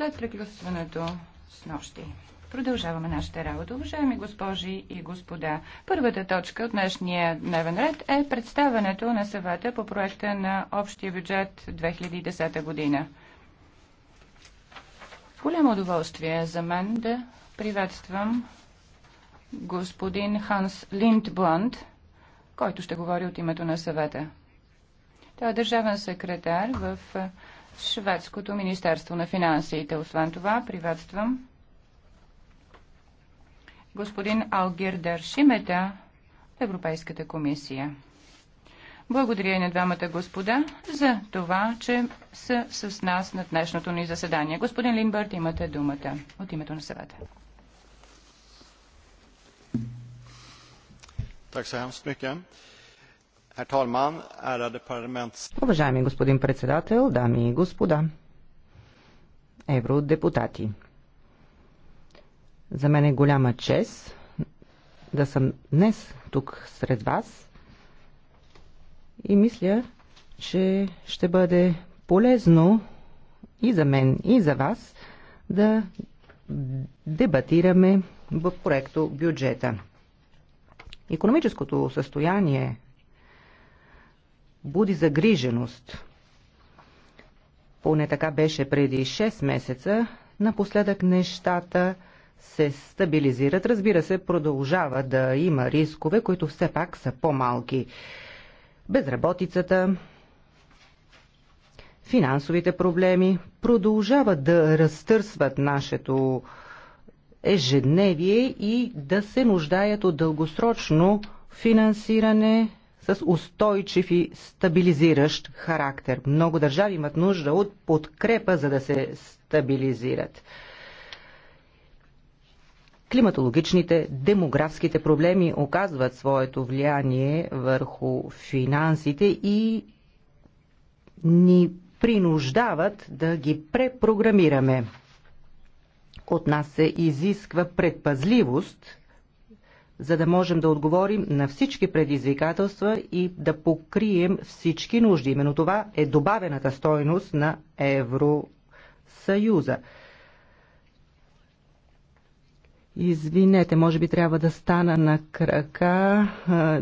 След приключването с нощи. Продължаваме нашата работа. Уважаеми госпожи и господа, първата точка от днешния дневен ред е представенето на съвета по проекта на общия бюджет 2010 година. Голямо удоволствие е за мен да приветствам господин Ханс Линдбланд, който ще говори от името на съвета. Той е държавен секретар в Шведското Министерство на финансите. Освен това, приветствам господин Алгир Дършимета, Европейската комисия. Благодаря и на двамата господа за това, че са с нас на днешното ни заседание. Господин Линбърт, имате думата от името на съвета. Так, сега hemskt Уважаеми господин председател, дами и господа, евродепутати. За мен е голяма чест да съм днес тук сред вас и мисля, че ще бъде полезно и за мен, и за вас да дебатираме в проекто бюджета. Економическото състояние буди загриженост. Поне така беше преди 6 месеца. Напоследък нещата се стабилизират. Разбира се, продължава да има рискове, които все пак са по-малки. Безработицата, финансовите проблеми продължават да разтърсват нашето ежедневие и да се нуждаят от дългосрочно финансиране с устойчив и стабилизиращ характер. Много държави имат нужда от подкрепа, за да се стабилизират. Климатологичните, демографските проблеми оказват своето влияние върху финансите и ни принуждават да ги препрограмираме. От нас се изисква предпазливост – за да можем да отговорим на всички предизвикателства и да покрием всички нужди. Именно това е добавената стойност на Евросъюза. Извинете, може би трябва да стана на крака.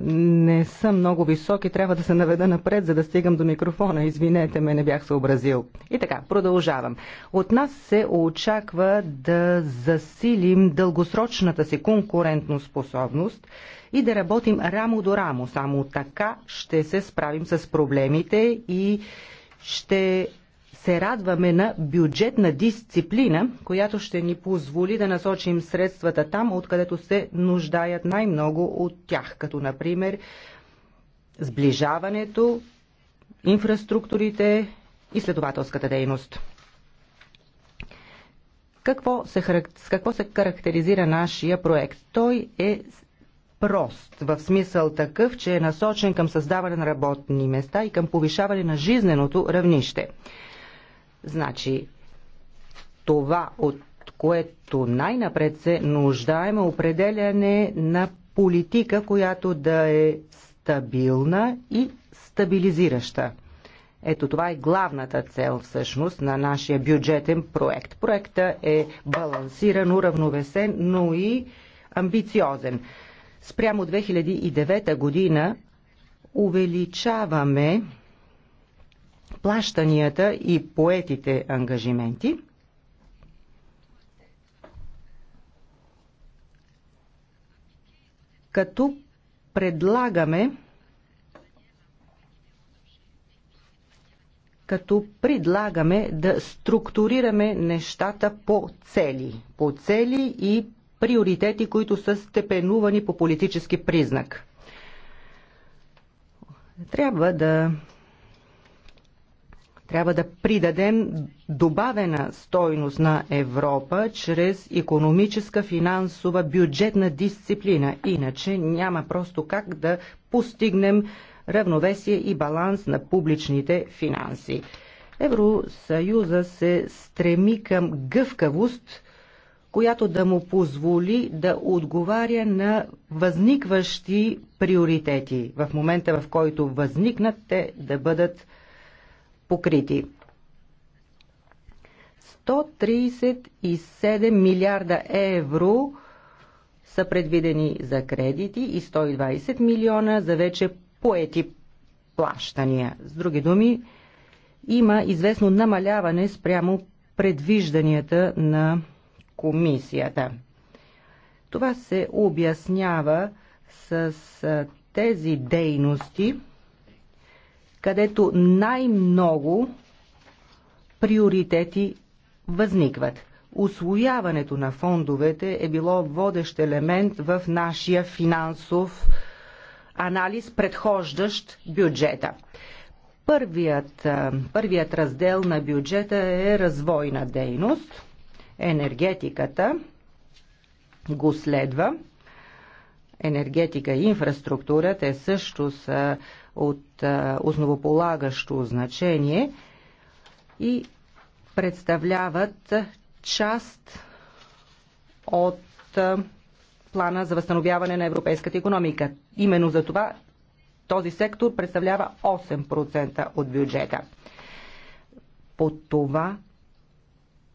Не съм много висок и трябва да се наведа напред, за да стигам до микрофона. Извинете ме, не бях съобразил. И така, продължавам. От нас се очаква да засилим дългосрочната си конкурентно способност и да работим рамо до рамо. Само така ще се справим с проблемите и ще се радваме на бюджетна дисциплина, която ще ни позволи да насочим средствата там, откъдето се нуждаят най-много от тях, като например сближаването, инфраструктурите, и следователската дейност. Какво се, с какво се характеризира нашия проект? Той е прост, в смисъл такъв, че е насочен към създаване на работни места и към повишаване на жизненото равнище. Значи, това, от което най-напред се нуждаем, е определяне на политика, която да е стабилна и стабилизираща. Ето това е главната цел всъщност на нашия бюджетен проект. Проекта е балансиран, уравновесен, но и амбициозен. Спрямо 2009 година увеличаваме плащанията и поетите ангажименти. Като предлагаме като предлагаме да структурираме нещата по цели. По цели и приоритети, които са степенувани по политически признак. Трябва да трябва да придадем добавена стойност на Европа чрез економическа, финансова, бюджетна дисциплина. Иначе няма просто как да постигнем равновесие и баланс на публичните финанси. Евросъюза се стреми към гъвкавост, която да му позволи да отговаря на възникващи приоритети. В момента, в който възникнат, те да бъдат покрити. 137 милиарда евро са предвидени за кредити и 120 милиона за вече поети плащания. С други думи, има известно намаляване спрямо предвижданията на комисията. Това се обяснява с тези дейности, където най-много приоритети възникват. Освояването на фондовете е било водещ елемент в нашия финансов анализ, предхождащ бюджета. Първият, първият раздел на бюджета е развойна дейност. Енергетиката го следва. Енергетика и инфраструктура, те също са от основополагащо значение и представляват част от плана за възстановяване на европейската економика. Именно за това този сектор представлява 8% от бюджета. По това,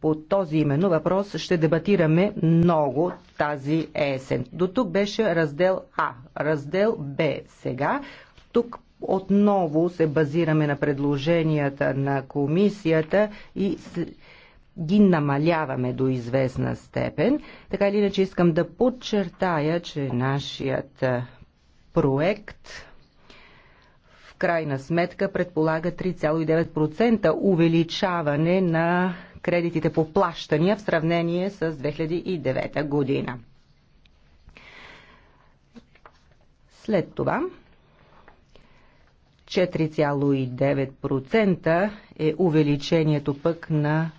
по този именно въпрос ще дебатираме много тази есен. До тук беше раздел А. Раздел Б сега. Тук отново се базираме на предложенията на комисията и ги намаляваме до известна степен. Така или иначе искам да подчертая, че нашият проект в крайна сметка предполага 3,9% увеличаване на кредитите по плащания в сравнение с 2009 година. След това 4,9% е увеличението пък на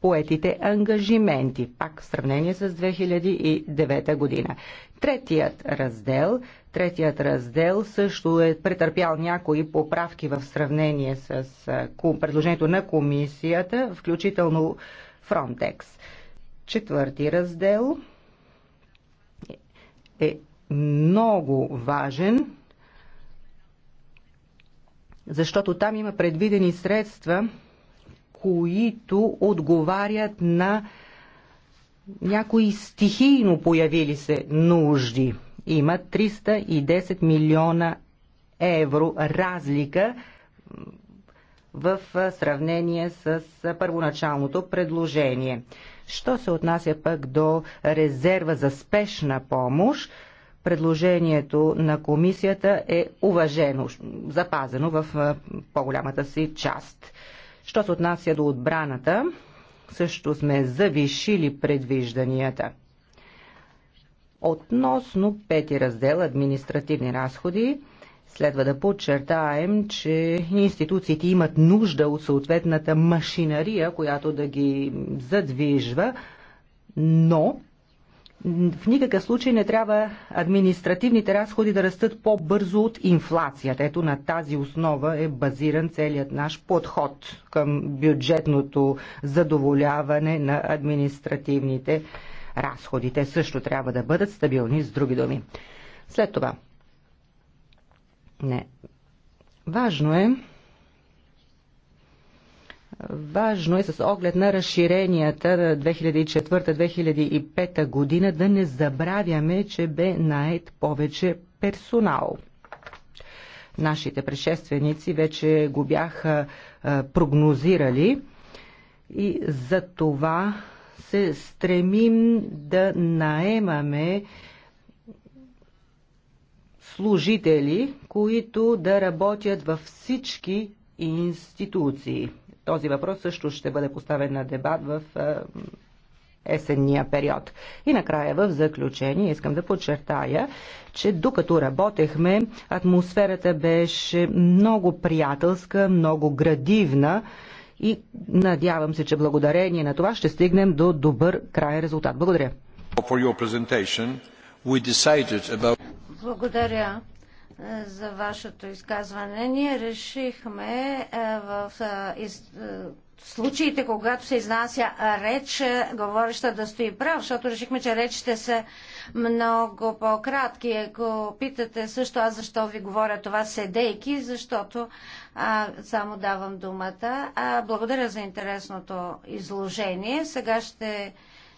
поетите ангажименти, пак в сравнение с 2009 година. Третият раздел, третият раздел също е претърпял някои поправки в сравнение с предложението на комисията, включително Frontex. Четвърти раздел е, е много важен защото там има предвидени средства, които отговарят на някои стихийно появили се нужди. Има 310 милиона евро разлика в сравнение с първоначалното предложение. Що се отнася пък до резерва за спешна помощ, предложението на комисията е уважено, запазено в по-голямата си част. Що се отнася до отбраната, също сме завишили предвижданията. Относно пети раздел административни разходи, Следва да подчертаем, че институциите имат нужда от съответната машинария, която да ги задвижва, но в никакъв случай не трябва административните разходи да растат по-бързо от инфлацията. Ето на тази основа е базиран целият наш подход към бюджетното задоволяване на административните разходи. Те също трябва да бъдат стабилни, с други думи. След това. Не. Важно е Важно е с оглед на разширенията 2004-2005 година да не забравяме, че бе наед повече персонал. Нашите предшественици вече го бяха прогнозирали и за това се стремим да наемаме служители, които да работят във всички институции. Този въпрос също ще бъде поставен на дебат в есенния период. И накрая в заключение искам да подчертая, че докато работехме, атмосферата беше много приятелска, много градивна и надявам се, че благодарение на това ще стигнем до добър крайен резултат. Благодаря. Благодаря за вашето изказване. Ние решихме е, в е, е, случаите, когато се изнася реч, говореща да стои прав, защото решихме, че речите са много по-кратки. Ако питате също аз защо ви говоря това седейки, защото а, само давам думата. А, благодаря за интересното изложение. Сега ще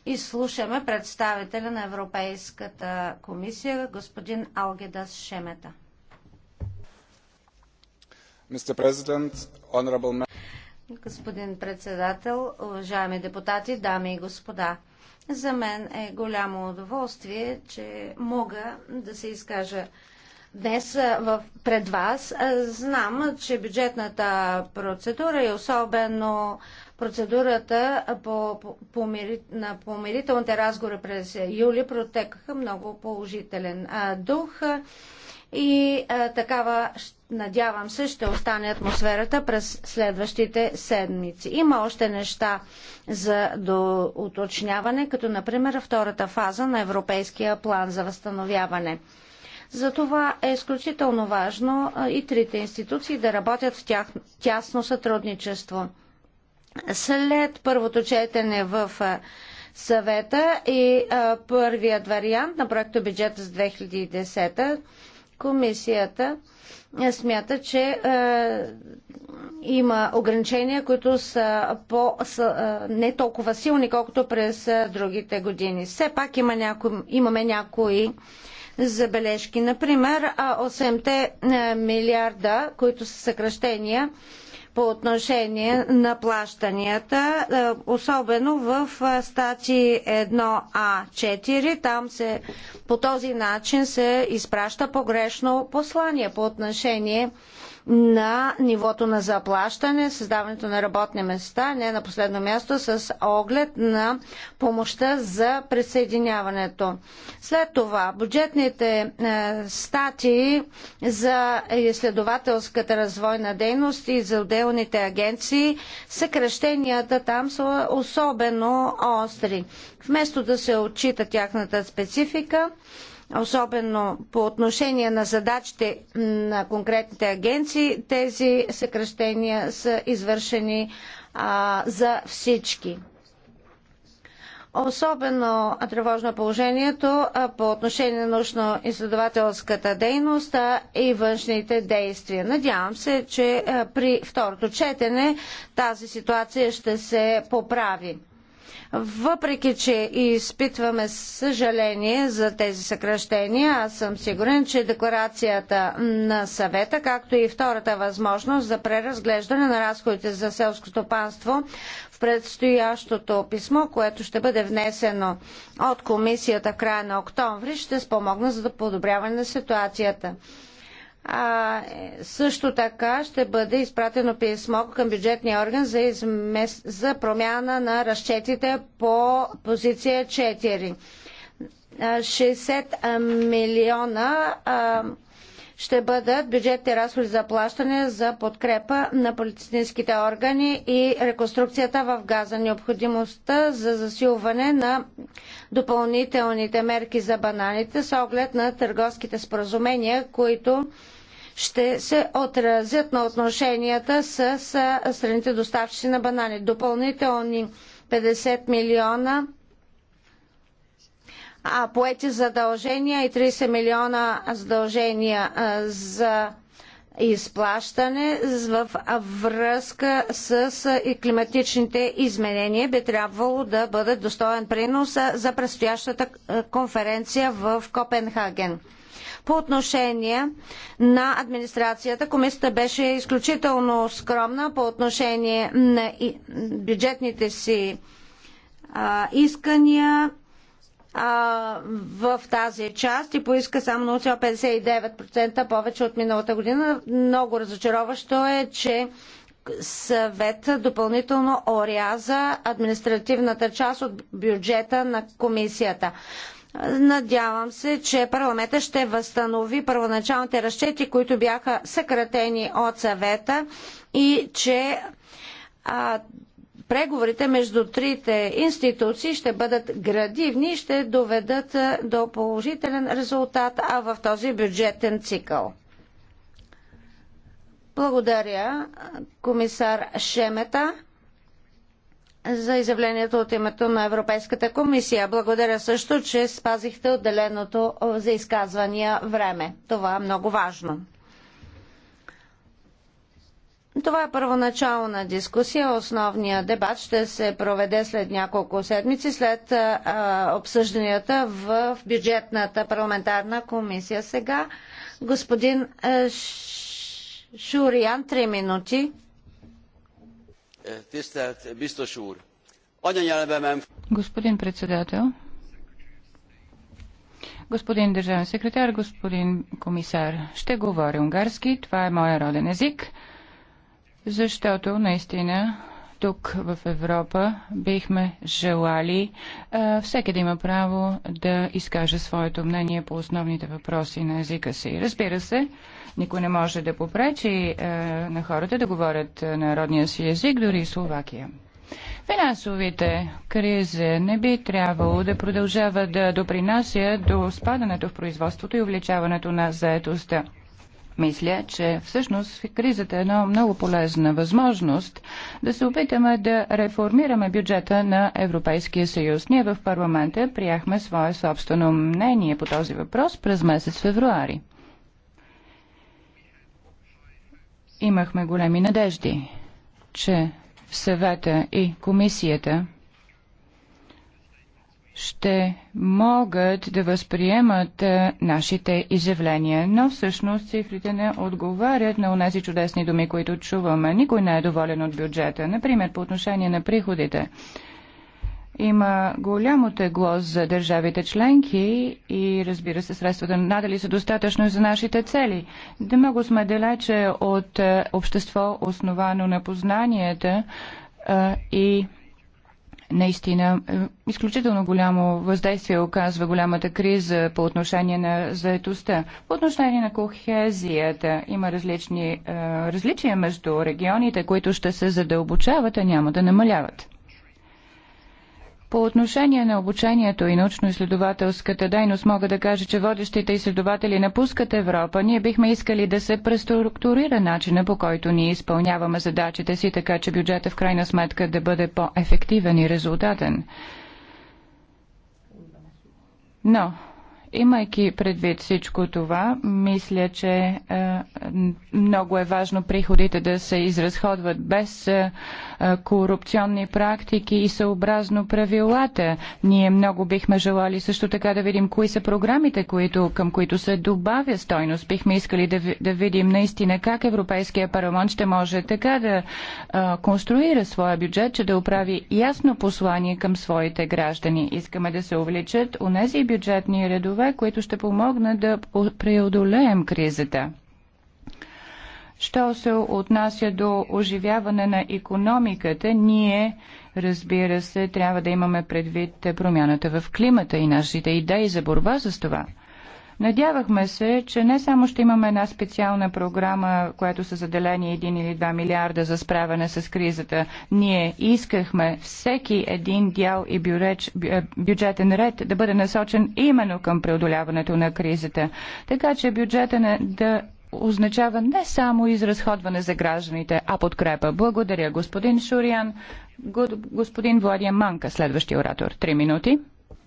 изслушаме представителя на Европейската комисия, господин Алгедас Шемета. Господин председател, уважаеми депутати, дами и господа. За мен е голямо удоволствие, че мога да се изкажа днес в, пред вас. Знам, че бюджетната процедура и особено процедурата по, по, по, на помирителните разговори през юли протекаха много положителен а, дух и а, такава, надявам се, ще остане атмосферата през следващите седмици. Има още неща за до уточняване, като например втората фаза на Европейския план за възстановяване. Затова е изключително важно и трите институции да работят в тях, тясно сътрудничество. След първото четене в съвета и а, първият вариант на проекто бюджет за 2010 комисията смята, че е, има ограничения, които са, по, са не толкова силни, колкото през другите години. Все пак има няко, имаме някои забележки. Например, 8-те е, милиарда, които са съкръщения по отношение на плащанията, е, особено в е, стати 1А4. Там се по този начин се изпраща погрешно послание по отношение на нивото на заплащане, създаването на работни места, не на последно място с оглед на помощта за присъединяването. След това бюджетните е, статии за изследователската развойна дейност и за отделните агенции, съкрещенията там са особено остри. Вместо да се отчита тяхната специфика, особено по отношение на задачите на конкретните агенции, тези съкръщения са извършени а, за всички. Особено тревожно е положението а по отношение на научно-изследователската дейност и външните действия. Надявам се, че при второто четене тази ситуация ще се поправи. Въпреки, че изпитваме съжаление за тези съкръщения, аз съм сигурен, че декларацията на съвета, както и втората възможност за преразглеждане на разходите за селско стопанство в предстоящото писмо, което ще бъде внесено от комисията в края на октомври, ще спомогна за да подобряване на ситуацията. А, е, също така ще бъде изпратено писмо към бюджетния орган за, измес... за промяна на разчетите по позиция 4. 60 милиона а, ще бъдат бюджетните разходи за плащане за подкрепа на полицейските органи и реконструкцията в Газа. Необходимостта за засилване на допълнителните мерки за бананите с оглед на търговските споразумения, които ще се отразят на отношенията с страните доставчици на банани. Допълнителни 50 милиона а, поети задължения и 30 милиона задължения за изплащане в връзка с климатичните изменения би трябвало да бъде достоен принос за предстоящата конференция в Копенхаген. По отношение на администрацията, комисията беше изключително скромна по отношение на бюджетните си искания а, в тази част и поиска само 0,59% повече от миналата година. Много разочароващо е, че съвет допълнително оряза административната част от бюджета на комисията. Надявам се, че парламента ще възстанови първоначалните разчети, които бяха съкратени от съвета и че а, преговорите между трите институции ще бъдат градивни и ще доведат до положителен резултат а в този бюджетен цикъл. Благодаря, комисар Шемета за изявлението от името на Европейската комисия. Благодаря също, че спазихте отделеното за изказвания време. Това е много важно. Това е първоначална дискусия. Основният дебат ще се проведе след няколко седмици, след а, обсъжданията в бюджетната парламентарна комисия. Сега господин а, три минути. Господин председател, господин държавен секретар, господин комисар, ще говоря унгарски, това е моя роден език защото наистина тук в Европа бихме желали а, всеки да има право да изкаже своето мнение по основните въпроси на езика си. Разбира се, никой не може да попречи а, на хората да говорят народния си език, дори и Словакия. Финансовите кризи не би трябвало да продължава да допринася до спадането в производството и увеличаването на заетостта. Мисля, че всъщност кризата е една много полезна възможност да се опитаме да реформираме бюджета на Европейския съюз. Ние в парламента приехме свое собствено мнение по този въпрос през месец февруари. Имахме големи надежди, че съвета и комисията – ще могат да възприемат е, нашите изявления. Но всъщност цифрите не отговарят на тези чудесни думи, които чуваме. Никой не е доволен от бюджета. Например, по отношение на приходите. Има голямо тегло за държавите членки и разбира се средствата надали са достатъчно за нашите цели. Да много сме далече от е, общество основано на познанията е, и наистина е, изключително голямо въздействие оказва голямата криза по отношение на заетостта. По отношение на кохезията има различни, е, различия между регионите, които ще се задълбочават, а няма да намаляват. По отношение на обучението и научно-изследователската дейност мога да кажа, че водещите изследователи напускат Европа. Ние бихме искали да се преструктурира начина по който ние изпълняваме задачите си, така че бюджета в крайна сметка да бъде по-ефективен и резултатен. Но Имайки предвид всичко това, мисля, че е, много е важно приходите да се изразходват без е, е, корупционни практики и съобразно правилата. Ние много бихме желали също така да видим кои са програмите, които, към които се добавя стойност. Бихме искали да, да видим наистина как Европейския парламент ще може така да е, конструира своя бюджет, че да оправи ясно послание към своите граждани. Искаме да се увеличат нези бюджетни редове, това, които ще помогне да преодолеем кризата. Що се отнася до оживяване на економиката, ние, разбира се, трябва да имаме предвид промяната в климата и нашите идеи за борба с това – Надявахме се, че не само ще имаме една специална програма, която са заделени 1 или 2 милиарда за справяне с кризата. Ние искахме всеки един дял и бюреч, е, бюджетен ред да бъде насочен именно към преодоляването на кризата. Така че бюджета на, да означава не само изразходване за гражданите, а подкрепа. Благодаря, господин Шуриан. Господин Владия Манка, следващия оратор. Три минути.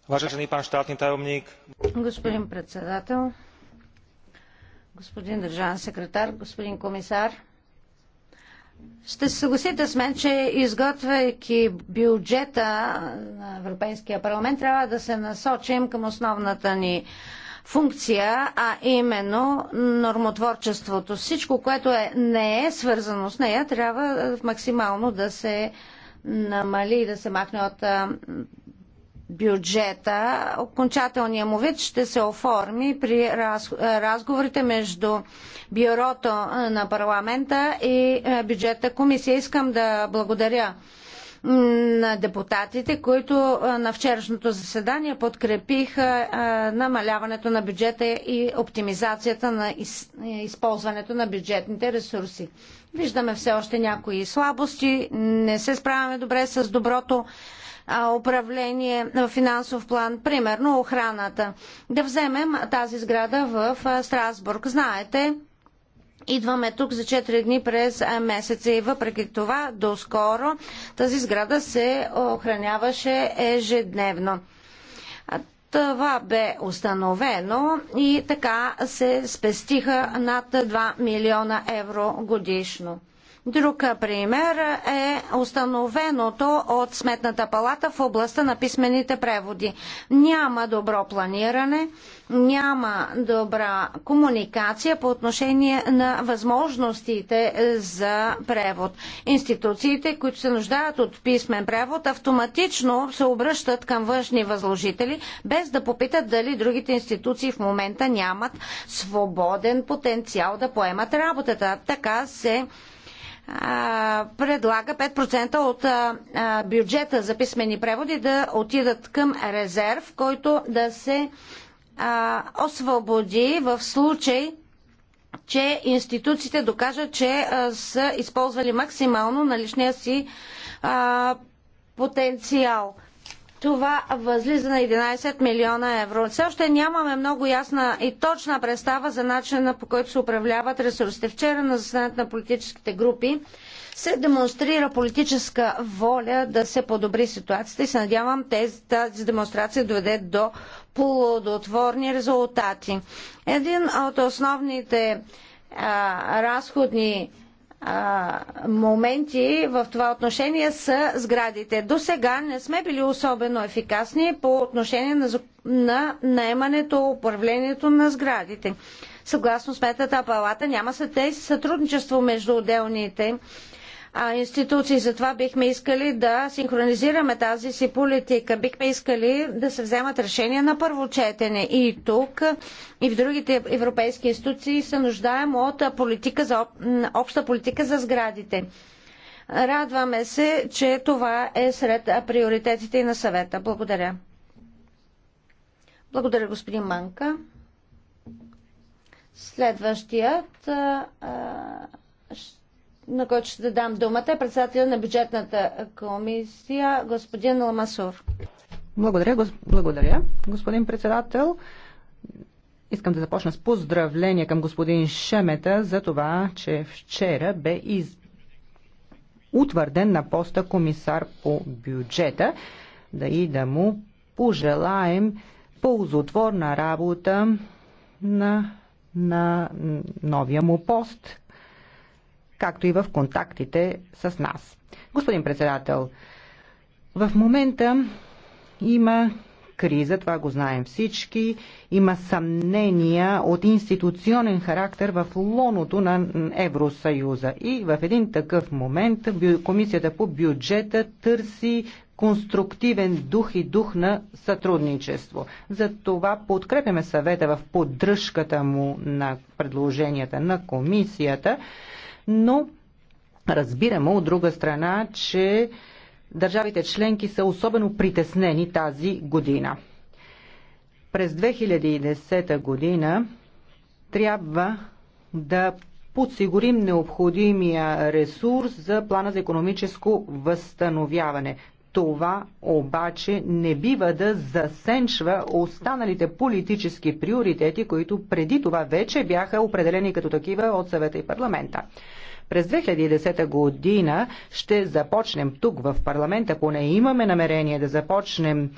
Vážený pán štátny tajomník. Господин председател, господин държавен секретар, господин комисар, ще се съгласите с мен, че изготвяйки бюджета на Европейския парламент, трябва да се насочим към основната ни функция, а именно нормотворчеството. Всичко, което е, не е свързано с нея, трябва максимално да се намали и да се махне от бюджета. Окончателният му вид ще се оформи при разговорите между бюрото на парламента и е, бюджетна комисия. Искам да благодаря на депутатите, които е, на вчерашното заседание подкрепиха е, намаляването на бюджета и оптимизацията на използването на бюджетните ресурси. Виждаме все още някои слабости, не се справяме добре с доброто управление на финансов план, примерно охраната. Да вземем тази сграда в Страсбург. Знаете, Идваме тук за 4 дни през месеца и въпреки това доскоро тази сграда се охраняваше ежедневно. Това бе установено и така се спестиха над 2 милиона евро годишно. Друг пример е установеното от Сметната палата в областта на писмените преводи. Няма добро планиране, няма добра комуникация по отношение на възможностите за превод. Институциите, които се нуждаят от писмен превод, автоматично се обръщат към външни възложители, без да попитат дали другите институции в момента нямат свободен потенциал да поемат работата. Така се предлага 5% от бюджета за писмени преводи да отидат към резерв, който да се освободи в случай, че институциите докажат, че са използвали максимално наличния си потенциал. Това възлиза на 11 милиона евро. Все още нямаме много ясна и точна представа за начина по който се управляват ресурсите. Вчера на заседанието на политическите групи се демонстрира политическа воля да се подобри ситуацията и се надявам тези, тази демонстрация доведе до плодотворни резултати. Един от основните а, разходни а, моменти в това отношение са сградите. До сега не сме били особено ефикасни по отношение на, на наемането, управлението на сградите. Съгласно сметната палата няма сътрудничество между отделните а, институции. Затова бихме искали да синхронизираме тази си политика. Бихме искали да се вземат решения на първо четене. И тук, и в другите европейски институции се нуждаем от политика за, обща политика за сградите. Радваме се, че това е сред приоритетите и на съвета. Благодаря. Благодаря, господин Манка. Следващият а, ще на който ще дам думата, е председателя на бюджетната комисия, господин Ламасур. Благодаря, гос... благодаря, господин председател. Искам да започна с поздравление към господин Шемета за това, че вчера бе из... утвърден на поста комисар по бюджета. Да и да му пожелаем ползотворна работа на, на новия му пост както и в контактите с нас. Господин председател, в момента има криза, това го знаем всички. Има съмнения от институционен характер в лоното на Евросъюза. И в един такъв момент Комисията по бюджета търси конструктивен дух и дух на сътрудничество. За това подкрепяме съвета в поддръжката му на предложенията на комисията но разбираме от друга страна, че държавите членки са особено притеснени тази година. През 2010 година трябва да подсигурим необходимия ресурс за плана за економическо възстановяване. Това обаче не бива да засенчва останалите политически приоритети, които преди това вече бяха определени като такива от съвета и парламента. През 2010 година ще започнем тук в парламента, поне имаме намерение да започнем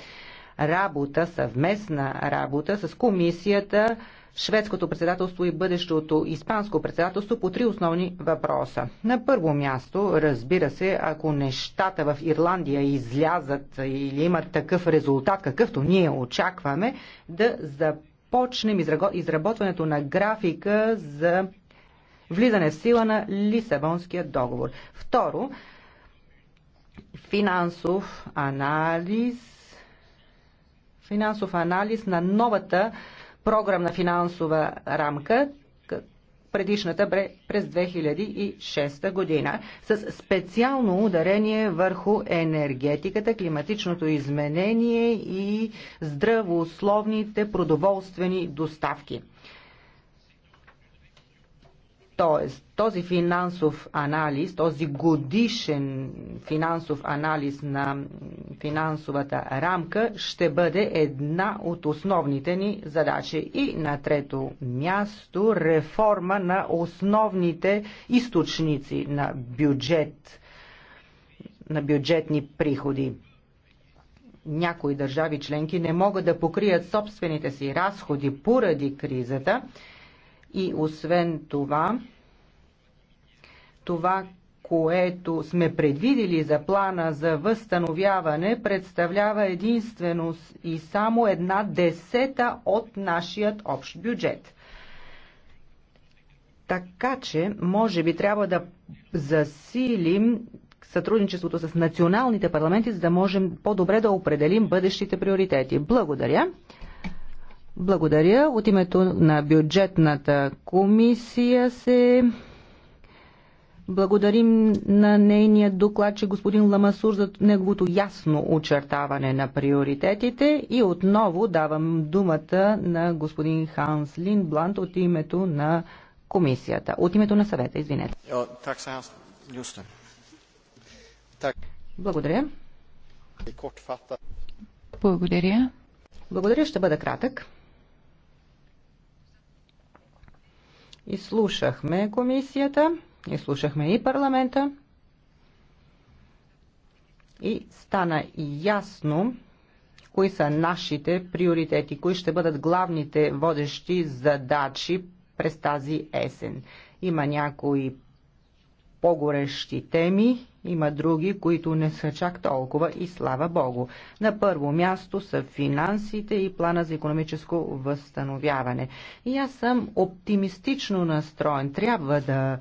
работа, съвместна работа с комисията шведското председателство и бъдещото испанско председателство по три основни въпроса. На първо място, разбира се, ако нещата в Ирландия излязат или имат такъв резултат, какъвто ние очакваме, да започнем изработването на графика за влизане в сила на Лисабонския договор. Второ, финансов анализ финансов анализ на новата програмна финансова рамка, предишната бре през 2006 година, с специално ударение върху енергетиката, климатичното изменение и здравословните продоволствени доставки. Тоест, този финансов анализ, този годишен финансов анализ на финансовата рамка ще бъде една от основните ни задачи. И на трето място реформа на основните източници на бюджет, на бюджетни приходи. Някои държави членки не могат да покрият собствените си разходи поради кризата – и освен това, това, което сме предвидили за плана за възстановяване, представлява единствено и само една десета от нашият общ бюджет. Така че, може би трябва да засилим сътрудничеството с националните парламенти, за да можем по-добре да определим бъдещите приоритети. Благодаря. Благодаря. От името на бюджетната комисия се благодарим на нейния доклад, че господин Ламасур за неговото ясно очертаване на приоритетите и отново давам думата на господин Ханс Линдбланд от името на комисията. От името на съвета, извинете. Благодаря. Благодаря. Благодаря, ще бъда кратък. Изслушахме комисията, изслушахме и парламента и стана ясно, кои са нашите приоритети, кои ще бъдат главните водещи задачи през тази есен. Има някои по-горещи теми. Има други, които не са чак толкова и слава Богу. На първо място са финансите и плана за економическо възстановяване. И аз съм оптимистично настроен. Трябва да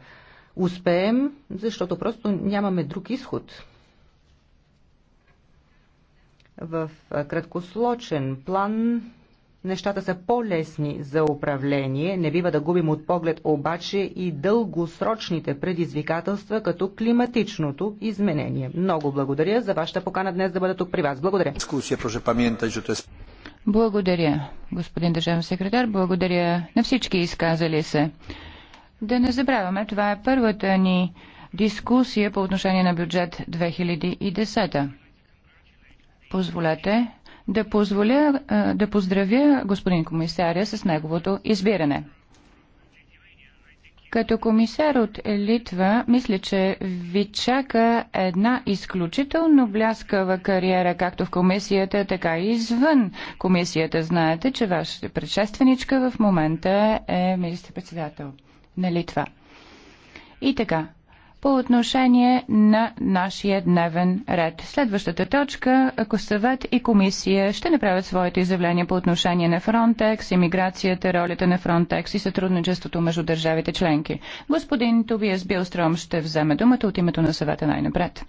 успеем, защото просто нямаме друг изход. В краткослочен план нещата са по-лесни за управление. Не бива да губим от поглед обаче и дългосрочните предизвикателства, като климатичното изменение. Много благодаря за вашата покана днес да бъда тук при вас. Благодаря. Е благодаря, господин държавен секретар. Благодаря на всички изказали се. Да не забравяме, това е първата ни дискусия по отношение на бюджет 2010. Позволете да, позволя, да поздравя господин комисаря с неговото избиране. Като комисар от Литва, мисля, че ви чака една изключително бляскава кариера, както в комисията, така и извън комисията. Знаете, че вашата предшественичка в момента е министър-председател на Литва. И така, по отношение на нашия дневен ред. Следващата точка, ако съвет и комисия ще направят своите изявления по отношение на Фронтекс, иммиграцията, ролята на Фронтекс и сътрудничеството между държавите членки. Господин Тобиас Билстром ще вземе думата от името на съвета най-напред.